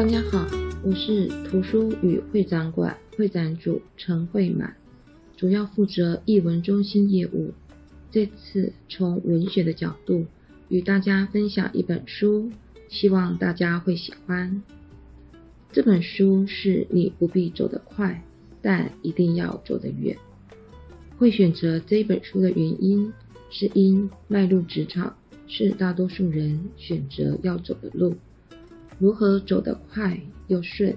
大家好，我是圖書與會展館會展組陳慧滿，主要負責藝文中心業務。這次從文學的角度與大家分享一本書，希望大家會喜歡。這本書是你不必走得快，但一定要走得遠。會選擇這本書的原因是，因邁入職場是大多數人選擇要走的路。如何走得快又順，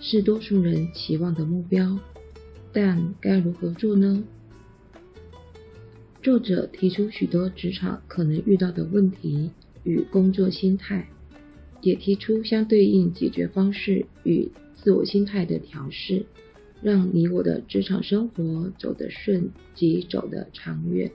是多數人期望的目標，但該如何做呢？作者提出許多職場可能遇到的問題與工作心態，也提出相對應解決方式與自我心態的調適，讓你我的職場生活走得順及走得長遠。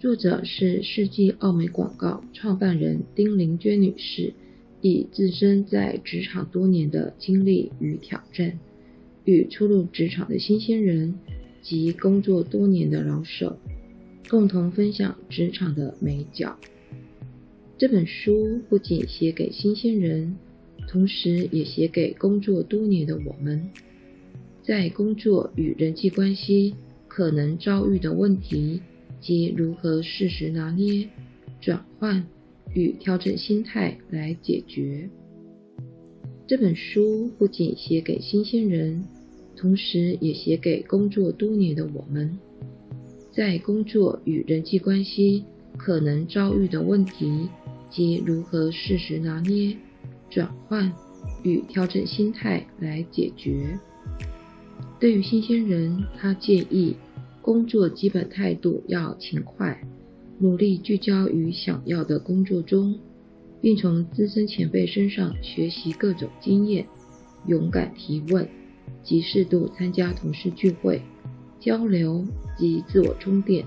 作者是世紀奧美廣告創辦人丁菱娟女士，以自身在職場多年的經歷與挑戰，與初入職場的新鮮人及工作多年的老手，共同分享職場的眉角。這本書不僅寫給新鮮人，同時也寫給工作多年的我們，在工作與人際關係可能遭遇的問題。及如何適時拿捏、轉換與調整心態來解決。這本書不僅寫給新鮮人，同時也寫給工作多年的我們，在工作與人際關係，可能遭遇的問題，及如何適時拿捏、轉換與調整心態來解決。對於新鮮人，他建議。工作基本態度要勤快，努力聚焦於想要的工作中，並從資深前輩身上學習各種經驗，勇敢提問，及適度參加同事聚會，交流及自我充電。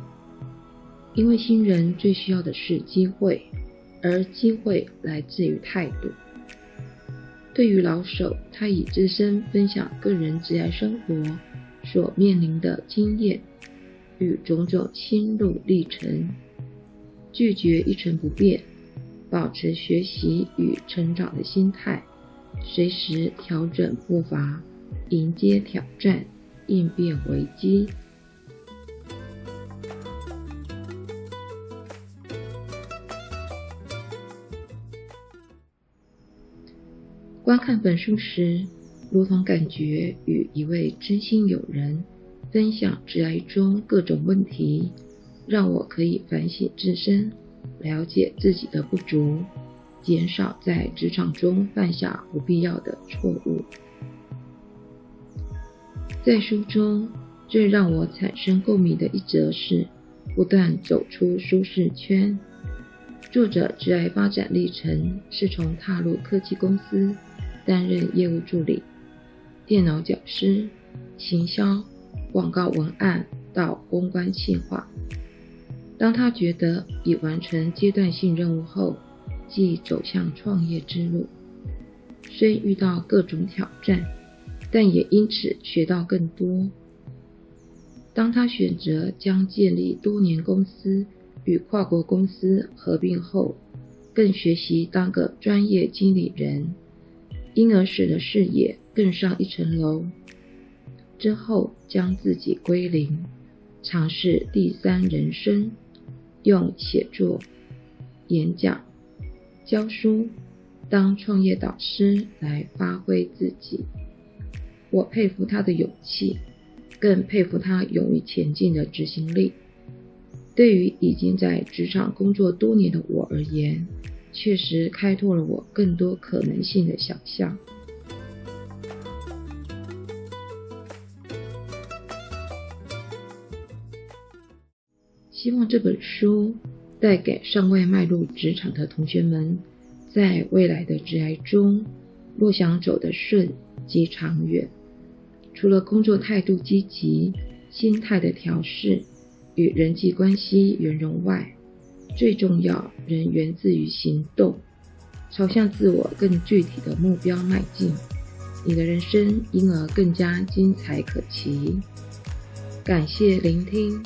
因為新人最需要的是機會，而機會來自於態度。對於老手，他以自身分享個人職業生活所面臨的經驗。與種種心路歷程，拒絕一成不變，保持學習與成長的心態，隨時調整步伐，迎接挑戰，應變危機。觀看本書時，如同感覺與一位知心友人。分享職涯中各種問題，讓我可以反省自身，了解自己的不足，減少在職場中犯下不必要的錯誤。在書中，最讓我產生共鳴的一則是：不斷走出舒適圈。作者職涯發展歷程是從踏入科技公司，擔任業務助理、電腦講師、行銷。廣告文案到公關企劃，當他覺得已完成階段性任務後，即走向創業之路。雖遇到各種挑戰，但也因此學到更多。當他選擇將建立多年公司與跨國公司合併後，更學習當個專業經理人，因而使得事業更上一層樓。之後將自己歸零，嘗試第三人生，用寫作、演講、教書、當創業導師來發揮自己。我佩服他的勇氣，更佩服他勇於前進的執行力。對於已經在職場工作多年的我而言，確實開拓了我更多可能性的想象。希望這本書帶給尚未邁入職場的同學們，在未來的職涯中，若想走得順及長遠，除了工作態度積極、心態的調試與人際關係圓融外，最重要仍源自於行動，朝向自我更具體的目標邁進，你的人生因而更加精彩可期。感謝聆聽。